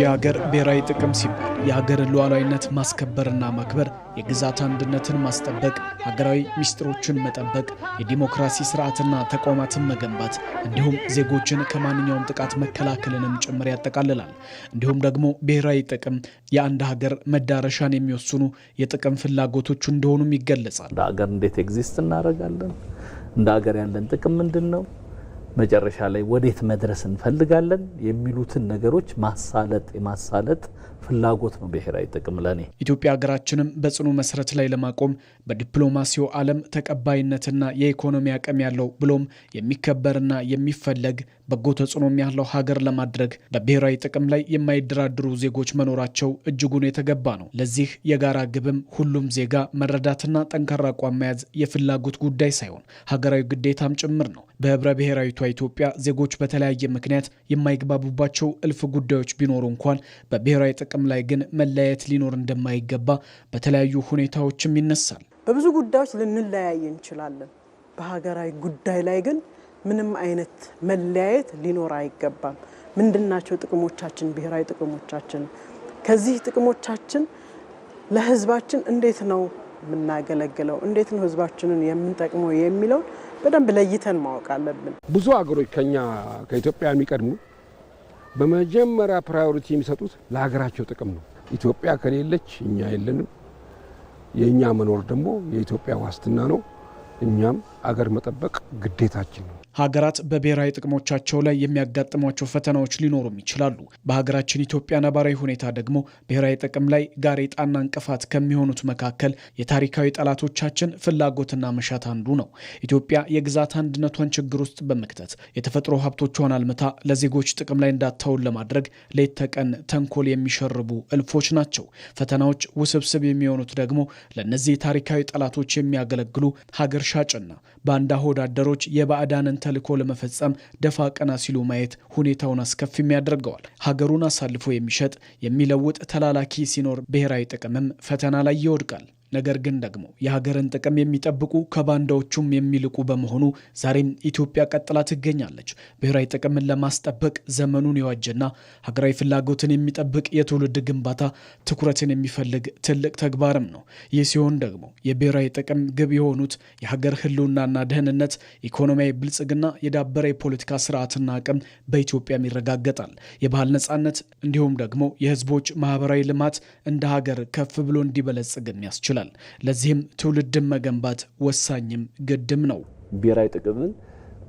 የሀገር ብሔራዊ ጥቅም ሲባል የሀገር ሉዓላዊነት ማስከበርና ማክበር፣ የግዛት አንድነትን ማስጠበቅ፣ ሀገራዊ ሚስጥሮችን መጠበቅ፣ የዲሞክራሲ ስርዓትና ተቋማትን መገንባት እንዲሁም ዜጎችን ከማንኛውም ጥቃት መከላከልንም ጭምር ያጠቃልላል። እንዲሁም ደግሞ ብሔራዊ ጥቅም የአንድ ሀገር መዳረሻን የሚወስኑ የጥቅም ፍላጎቶቹ እንደሆኑም ይገለጻል። እንደ ሀገር እንዴት ኤግዚስት እናደርጋለን? እንደ ሀገር ያለን ጥቅም ምንድን ነው? መጨረሻ ላይ ወዴት መድረስ እንፈልጋለን የሚሉትን ነገሮች ማሳለጥ የማሳለጥ ፍላጎት ነው ብሔራዊ ጥቅም ለኔ። ኢትዮጵያ ሀገራችንም በጽኑ መሰረት ላይ ለማቆም በዲፕሎማሲው ዓለም ተቀባይነትና የኢኮኖሚ አቅም ያለው ብሎም የሚከበርና የሚፈለግ በጎ ተጽዕኖም ያለው ሀገር ለማድረግ በብሔራዊ ጥቅም ላይ የማይደራድሩ ዜጎች መኖራቸው እጅጉን የተገባ ነው። ለዚህ የጋራ ግብም ሁሉም ዜጋ መረዳትና ጠንካራ አቋም መያዝ የፍላጎት ጉዳይ ሳይሆን ሀገራዊ ግዴታም ጭምር ነው። በህብረ ብሔራዊ ኢትዮጵያ ዜጎች በተለያየ ምክንያት የማይግባቡባቸው እልፍ ጉዳዮች ቢኖሩ እንኳን በብሔራዊ ጥቅም ላይ ግን መለያየት ሊኖር እንደማይገባ በተለያዩ ሁኔታዎችም ይነሳል። በብዙ ጉዳዮች ልንለያይ እንችላለን። በሀገራዊ ጉዳይ ላይ ግን ምንም አይነት መለያየት ሊኖር አይገባም። ምንድናቸው ጥቅሞቻችን? ብሔራዊ ጥቅሞቻችን ከዚህ ጥቅሞቻችን ለህዝባችን እንዴት ነው የምናገለግለው? እንዴት ነው ህዝባችንን የምንጠቅመው የሚለውን በደንብ ለይተን ማወቅ አለብን። ብዙ አገሮች ከኛ ከኢትዮጵያ የሚቀድሙ በመጀመሪያ ፕራዮሪቲ የሚሰጡት ለሀገራቸው ጥቅም ነው። ኢትዮጵያ ከሌለች እኛ የለንም። የእኛ መኖር ደግሞ የኢትዮጵያ ዋስትና ነው። እኛም አገር መጠበቅ ግዴታችን ነው። ሀገራት በብሔራዊ ጥቅሞቻቸው ላይ የሚያጋጥሟቸው ፈተናዎች ሊኖሩም ይችላሉ። በሀገራችን ኢትዮጵያ ነባራዊ ሁኔታ ደግሞ ብሔራዊ ጥቅም ላይ ጋሬጣና እንቅፋት ከሚሆኑት መካከል የታሪካዊ ጠላቶቻችን ፍላጎትና መሻት አንዱ ነው። ኢትዮጵያ የግዛት አንድነቷን ችግር ውስጥ በመክተት የተፈጥሮ ሀብቶቿን አልምታ ለዜጎች ጥቅም ላይ እንዳታውን ለማድረግ ሌት ተቀን ተንኮል የሚሸርቡ እልፎች ናቸው። ፈተናዎች ውስብስብ የሚሆኑት ደግሞ ለእነዚህ የታሪካዊ ጠላቶች የሚያገለግሉ ሀገር ሻጭና ባንዳ ሆዳደሮች የባዕዳንን ተልዕኮ ለመፈጸም ደፋ ቀና ሲሉ ማየት ሁኔታውን አስከፊም ያደርገዋል። ሀገሩን አሳልፎ የሚሸጥ የሚለውጥ ተላላኪ ሲኖር ብሔራዊ ጥቅምም ፈተና ላይ ይወድቃል። ነገር ግን ደግሞ የሀገርን ጥቅም የሚጠብቁ ከባንዳዎቹም የሚልቁ በመሆኑ ዛሬም ኢትዮጵያ ቀጥላ ትገኛለች። ብሔራዊ ጥቅምን ለማስጠበቅ ዘመኑን የዋጀና ሀገራዊ ፍላጎትን የሚጠብቅ የትውልድ ግንባታ ትኩረትን የሚፈልግ ትልቅ ተግባርም ነው። ይህ ሲሆን ደግሞ የብሔራዊ ጥቅም ግብ የሆኑት የሀገር ህልውናና ደህንነት፣ ኢኮኖሚያዊ ብልጽግና፣ የዳበረ የፖለቲካ ስርዓትና አቅም በኢትዮጵያም ይረጋገጣል። የባህል ነጻነት እንዲሁም ደግሞ የህዝቦች ማህበራዊ ልማት እንደ ሀገር ከፍ ብሎ እንዲበለጽግም ያስችላል። ይችላል። ለዚህም ትውልድን መገንባት ወሳኝም ግድም ነው። ብሔራዊ ጥቅምን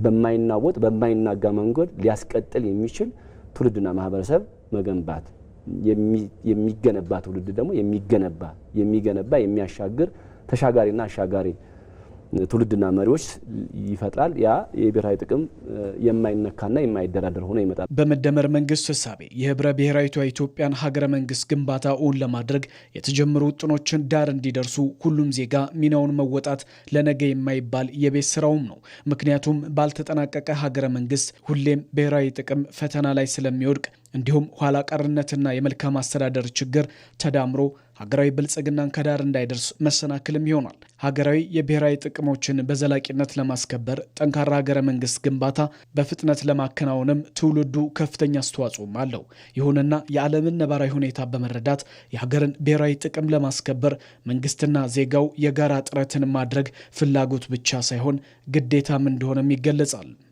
በማይናወጥ በማይናጋ መንገድ ሊያስቀጥል የሚችል ትውልድና ማህበረሰብ መገንባት የሚገነባ ትውልድ ደግሞ የሚገነባ የሚገነባ የሚያሻግር ተሻጋሪና አሻጋሪ ትውልድና መሪዎች ይፈጥራል። ያ የብሔራዊ ጥቅም የማይነካና የማይደራደር ሆኖ ይመጣል። በመደመር መንግስት ህሳቤ የህብረ ብሔራዊቷ ኢትዮጵያን ሀገረ መንግስት ግንባታ እውን ለማድረግ የተጀመሩ ውጥኖችን ዳር እንዲደርሱ ሁሉም ዜጋ ሚናውን መወጣት ለነገ የማይባል የቤት ስራውም ነው። ምክንያቱም ባልተጠናቀቀ ሀገረ መንግስት ሁሌም ብሔራዊ ጥቅም ፈተና ላይ ስለሚወድቅ እንዲሁም ኋላ ቀርነትና የመልካም አስተዳደር ችግር ተዳምሮ ሀገራዊ ብልጽግናን ከዳር እንዳይደርስ መሰናክልም ይሆናል። ሀገራዊ የብሔራዊ ጥቅሞችን በዘላቂነት ለማስከበር ጠንካራ ሀገረ መንግስት ግንባታ በፍጥነት ለማከናወንም ትውልዱ ከፍተኛ አስተዋጽኦም አለው። ይሁንና የዓለምን ነባራዊ ሁኔታ በመረዳት የሀገርን ብሔራዊ ጥቅም ለማስከበር መንግስትና ዜጋው የጋራ ጥረትን ማድረግ ፍላጎት ብቻ ሳይሆን ግዴታም እንደሆነም ይገለጻል።